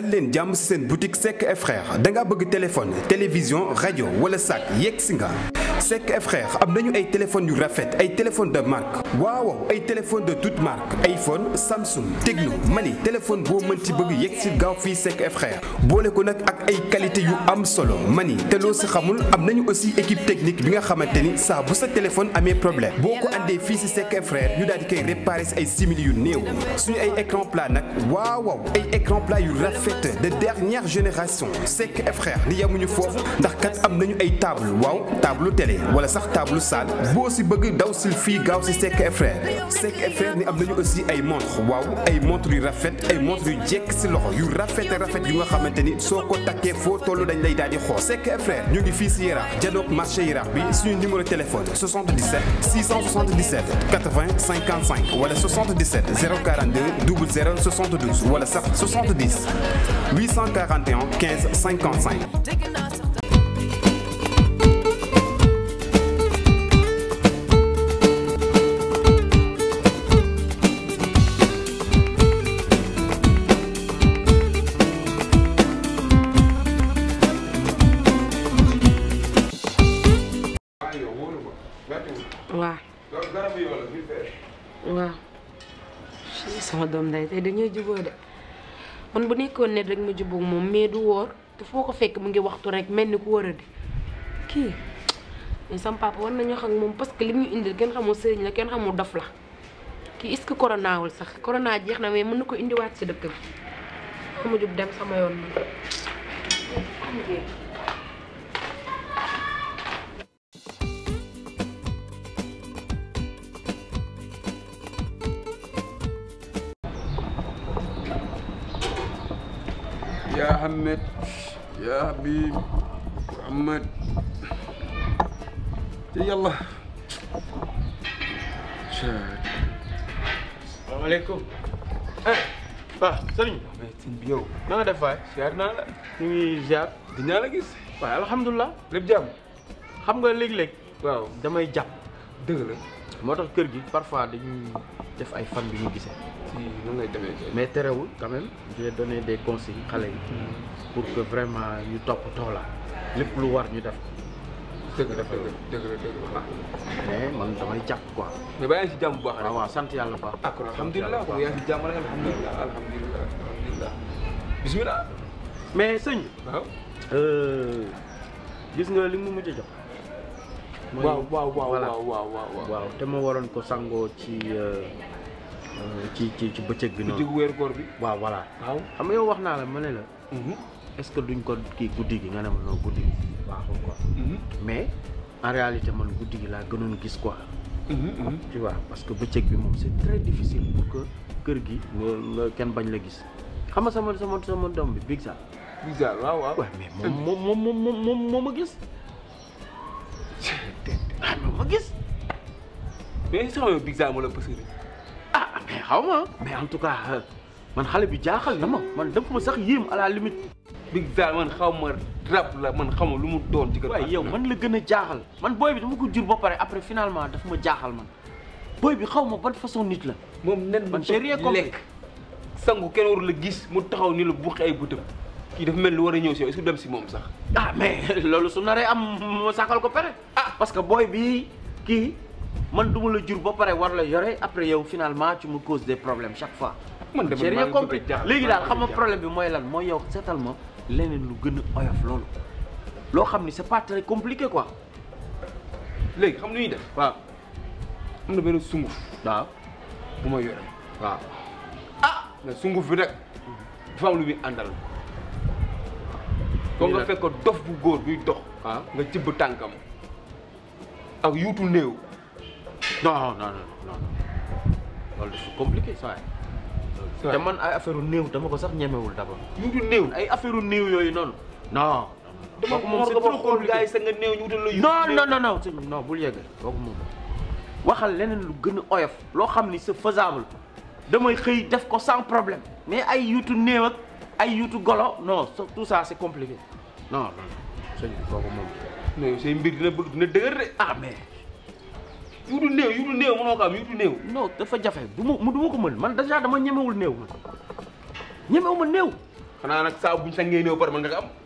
dal leen jàmm seen boutique Seck et frères da nga bëgg téléphone télévision rajo wala sac yegg si nga Seck et frères am nañu ay téléphones yu rafet ay téléphones de marque waaw ay téléphones de toute marque iPhone Samsung Tecno mani téléphone boo ci bëgg yegg si gaaw fii Seck et frères boole ko nag ak ay qualité yu am solo mani te loo si xamul am nañu aussi équipe technique bi nga xamante ni saa bu sa téléphone amee problème boo ko andee fii si sekk et ñu daal di koy réparer si ay simili yu néew suñu ay écran plat nag waaw ay écran plat yu rafet de dernière génération Seck et frères li foofu ndax kat am nañu ay table waaw table télé wala sax taabul salle boo si bëgg daw sil fii gaaw si Seck et frère Seck ni am nañu aussi ay montre waaw ay montre yu rafet ay montre yu jekk si loxo yu rafet rafet yu nga xamante ni soo ko takkee foo toll dañ lay daal di xool sekk et ñu ngi fii si Yaraax janook marché Yaraax bi suñu numéro téléphone 77 677 80 55 wala 77 042 00 72 wala sax 70 841 15 55 waaw. waaw. sama doom day tey dañoo juboo de man bu nekkoon ne rek ma jubóog moom mais du woor te foo ko fekk mu ngi waxtu rek mel ni ku wóor a di kii mais sama papa war nañu wax moom parce que li ñu indil kenn xamul sëriñ la kenn xamul dof la kii est-ce que sax corona jeex na mais mën na ko indiwaat si dëkk bi. ma jub dem sama yoon يا حمد يا حبيب محمد يلا شاد السلام عليكم waaw sëriñ bi yow na naa la ñu ngi ziar di naa la gis waaw alhamdulilah lépp xam nga léeg-léeg damay jàpp dëgg moo tax kër gi parfois dañuy def ay fan bi ñu gisee. mais terewul quand même j'ai donné des conseils xale yi. Hmm. pour que vraiment ñu topp la lépp lu war ñu def ko. dëgg la la dëgg la mais man damay jàpp quoi. mais ba yaa si jàmm bu baax rek. Ah waaw sant yàlla bu baax. d'accord alhamdulilah waaw yaa ngi si jàmm rek alhamdulilah alhamdulilah mais sëñ. waaw. Euh, gis nga li mu mujj a jox. waaw waaw waaw waaw te ma waroon ko sangoo ci euh, ci ci ci bëccëg bi noonu. bëccëg bi. waaw voilà. xam nga yow wax naa la ma ne la. Mhm. est-ce que duñ ko kii guddi gi nga ne ma non guddi gi baaxul mhm. mais en réalité man guddi gi laa gënoon gis ko mhm, tu parce que bëccëg bi moom c'est très difficile pour kër gi nga kenn bañ la gis xam nga sama sama sama bi Big Zaa. Big Zaa waaw waaw. mais moom moom moom moom moo ma gis. mais sax yow Big Zaa moo la pësëri ah mais xaw ma mais en tout cas man xale bi jaaxal na ma man dama ma sax yéem à la limite. Big Zaa man xaw ma rab la man xaw ma lu mu doon. ci kër waaye yow man la gën a jaaxal. man booy bi dama ko jur ba pare après finalement daf ma jaaxal man booy bi xaw ma ban façon nit la. moom nen man j'ai rien compris sangu kenn waru la gis mu taxaw ni la buqi ay bëtam kii dafa mel ni war a ñëw si yow est-ce que dem si moom sax. ah mais loolu su naree am ma sàkkal ko pare. ah parce que booy bi kii. man duma la jur ba pare war la yore après yow finalement tu me causes des problème chaque fois. man de man compris léegi daal xam nga problème bi mooy lan mooy yow seetal ma leneen lu gën a oyof loolu. loo xam ni c'est pas très compliqué quoi. léegi xam nu def. waaw na benn sunguf. waaw bu ah! sunguf bi rek dafa am lu muy àndal. nga fekk dof bu góor buy dox. Ah. nga cibb tànkam ak yuutu néew. non non non non loolu dafa compliqué saa yi. te man ay affaire néew dama ko sax ñemewul d'abord. ñu ngi néew ay affaire néew yooyu noonu. non. kooku moom c'est trop compliqué gars yi sa nga néew ñu wutal moom waxal leneen lu gën a oyof loo xam ni c'est faisable damay xëy def ko sans problème mais ay yuutu néew ak ay yuutu golo non tout ça c'est compliqué non non sëñ bi kooku moom. mais say mbir dina bëgg dina dëgër de ah yu du néew yu du néew mënoo ko am yu du néew. non dafa jafe du ma ma ko mën man dèjà dama ñemewul néew man ñemewuma néew. xanaa nag saa buñ sa ngay néew par mën nga ko am.